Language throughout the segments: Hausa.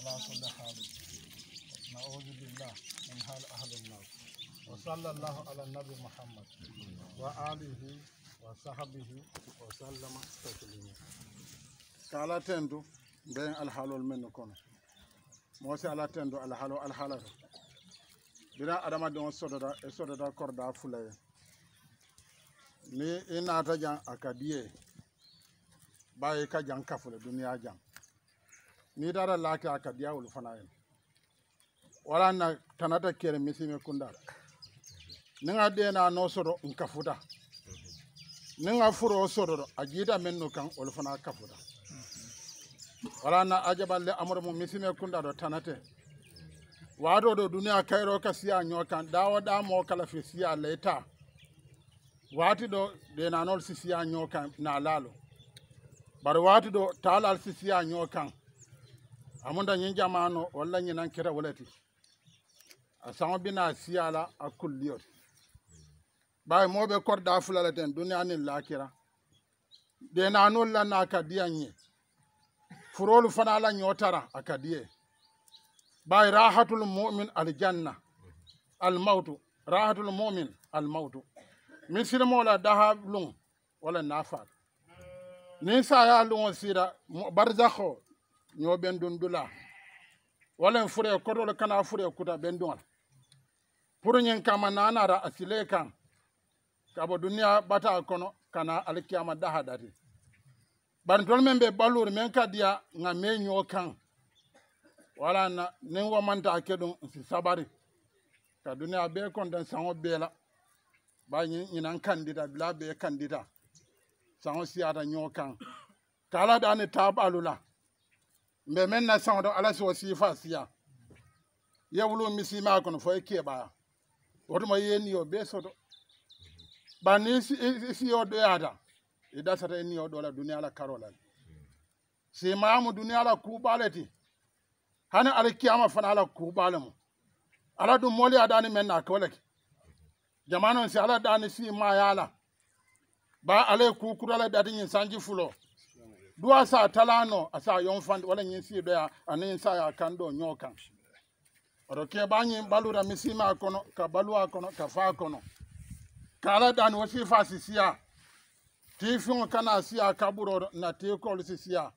ala kulli halin naudu billah min hal ahli nnar wa salla llahu ala nabi mohammad wa alihi wa sahabihi wa sallama taslima so ala tendu mbeen alhaalol men no kono moosi ala tendu alhaalo alhaalata mbira adama de on sodata e sodata korda fulaye ni i naata jang a ka diye baye ka jang kafule duniya jang n'i taara la kɛ a fana ye wala na tana ta kɛrɛ misime kunda ni ka den n'a nɔ sɔrɔ n kafuta ni ka furo sɔrɔ a jida min no kan olu fana kafuta wala na ajaballe amurmu misime kunda dɔ tana tɛ waado do duniya kayro ka siya ɲɔ kan dawo da mo kala fi siya leta waati do de nanol si siya ɲɔ kan na lalo bari waati do talal si siya ɲɔ amunda ñin jamano walla ñinan kira wulati a saŋo bina siyala a kulliyoti bayi moɓe korda fulala ten duniya nin lakira denanol la na kadiya ñe furolu fana la ñotara a kadiye bayi rahatul mumin aljanna almautu rahatul mumin almautu min sinimola daha luŋ wala nafal nin saya luŋo sira barzakoo ñoo ɓen ndun ndulaa wala en furee kotole kana furee kuta ɓenndugal pour ñin kama nanara a silee kan kabo duniya bata kono kana alkiyama dahadati bantol men ɓe ɓalluri men kadiya ga me ñoo kan wala na nin womanta ke ɗum si sabari ka duniya be kontan sanŋo beela ba ñinan kandita bila be kandita sanŋo siyata ñoo kan taala ɗani taɓalula mbe men na sãn dɔ ala sɩ wa fa sɩya ya wulu mi sɩ maa kõn fo y e kɩ baa wotuma ye niyɔ bee sɔdɔ ba ni sɩyɔ doyaada y da e sata e ni niyɔ dɔ la duniya la karo la sɩ maamu duniya la kuu baa le ti hani alikiyama fana ala kuu baa le mu ala dun mɔli a daani men na kɔ le ki jamano sɩ ala daani sɩ maa yaa la ba ale kuu kura la dati nyin sanji fulɔ dua sa tala no asa yon fan wala nyin si do ya anin sa ya kando nyoka oroke ba nyin balura misima kono ka balua kono ka fa kono kala dan wasi fa sisia ti kana sia kaburo na ti sisia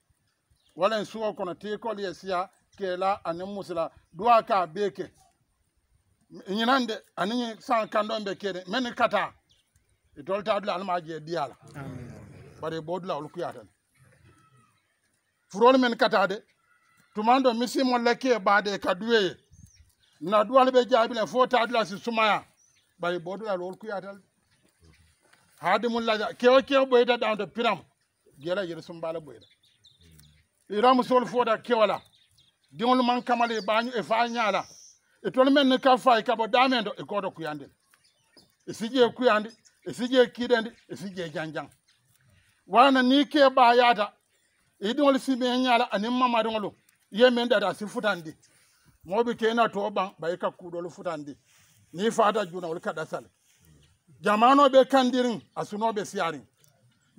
wala nsuo kono ti ya sia kela anin musila duwa ka beke nyinande anin sa kando mbe kede men kata itolta dula alma je diala bare bodla ulkuyatan furol men katade tumando misimo leke bade kaduye na duwal be jabile fo tadula si sumaya bari bodula lol kuyatal hadi mun laja kewo kewo boyda dawdo piram gela yel sumbala boyda iram sol foda kewala diŋolu maŋ kamali i e baañu i e faa ñaa la i e tolu meŋ ni ka faa i ka bo daameŋ do i koo do kuyandi i si jee kuyandi i si jee kiidendi i si jee janjaŋ wala na kee baa yaata idiŋol simee ñaala aniŋ mamadiŋolu ye meŋ data si futandi moo be kee na too baŋ bayi ka kuudolu futandi niŋ faata juna wolu ka dasali jamano be kandiriŋ asunoo be siyaariŋ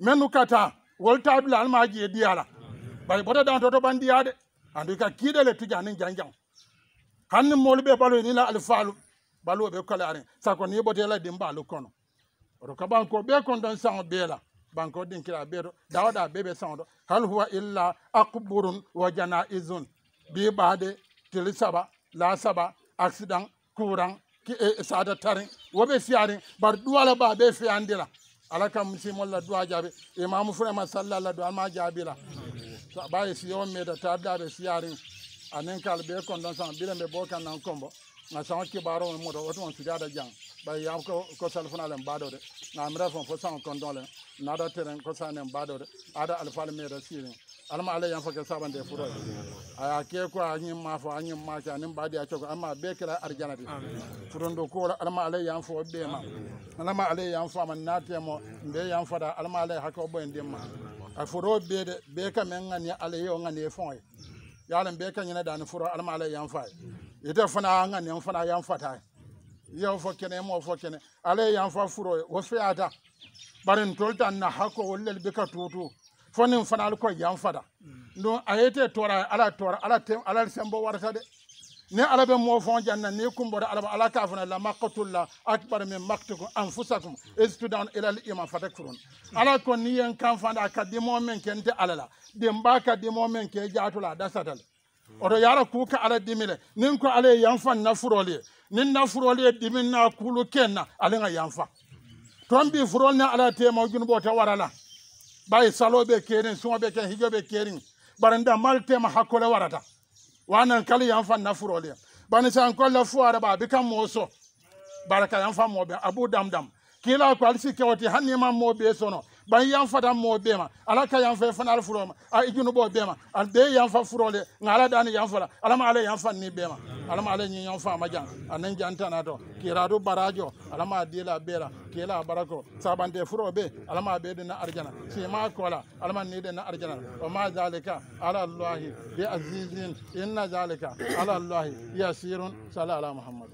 mennu ka taa wolu taa dula ali maa jee diya la bari bota dantoto baŋ diya de andu i ka kiide le tujaŋ niŋ janjaŋ hani niŋ moolu be baluyi niŋ la alifaalu baluwo be kolaariŋ sako niŋ i bota i la dimbaalu kono oto ka baŋ ko bee kontoŋ saŋo bee la banko din kira be do dawda be be sondo hal huwa illa aqburun wa janaizun bi bade tilisaba la saba accident courant ki e sada tarin be fiyarin bar duwala ba be fiyandira ala kam musimol la duwa jaabi fure ma sallallahu la wa ma jaabila baye siyo meda tardaɓe siyarin anen kala kon ɗon sama bila mbe bo nan kombo nga sãn kɩbaarã wã moda woto wã sujaada jãng ba yam kosal fãna le n baadode nga mira fõ fo sãn kõndõ le nada tẽrẽ kosã ne n baadode ada alfal meeda sɩɩrẽ alma ala ya fa ke sabande furo a yaa kee ko a yĩn maa fo a yĩn maa kɩ a nin baadi a coko ama bee kela arjana de furondo koora alma ala yãn fo beema alma ala yãn faama na naa tẽemo n bee yãn fada alma ala hakao boen dɩmma a furo beede bee ka me n ŋa ne ala yeo ŋa ne fõe yaa len bee ka yẽna daani furo alma ala yãn faaye ite fana an ka nin fana yan ta ye yan fɔ kɛnɛ m'o fɔ kɛnɛ ale yan fa furo ye o feyata bari n tol na hako olu le bɛ ka tutu fo nin fana ali ko yan fada don a ye te tɔɔra ala tora ala tɛ ala sɛn bɔ warisa dɛ ni ala bɛ mɔ fɔn jan na ni kun bɔra ala ala k'a fana la maqatul la akbar min maqtikum anfusakum istudan ila al iman fatakfurun ala ko ni ye n kan fanda a ka dimɔ min kɛ n tɛ ala la den b'a ka dimɔ min kɛ jaato la a da la oto yara kuka ala dimile nin ko ala yanfa nafuroli nin nafuroli dimin na kulu na ala nga yanfa ton bi furol na ala tema junubo ta warala bayi salobe kerin sumobe ken hijobe kerin barinda mal tema hakole warata wanan kala yanfa nafuroli bani san kolla fuara ba bikam moso baraka yanfa mobe abu damdam kila ko alisi kewti hanni ma mobe sono ban yanfa dan mo bema ala ka yanfa fa fana al furo ma a ijunu bo bema an de fa furo le ngala dan fa la ala ma yan fa ni bema ala ma ale ni fa ma jan anan ta na kira do barajo ala ma de la bera kila barako sabande furo be ala ma be de na arjana si ma kola ala ma ni de na arjana wa ma zalika ala allah bi azizin inna zalika ala allah yasirun sala ala muhammad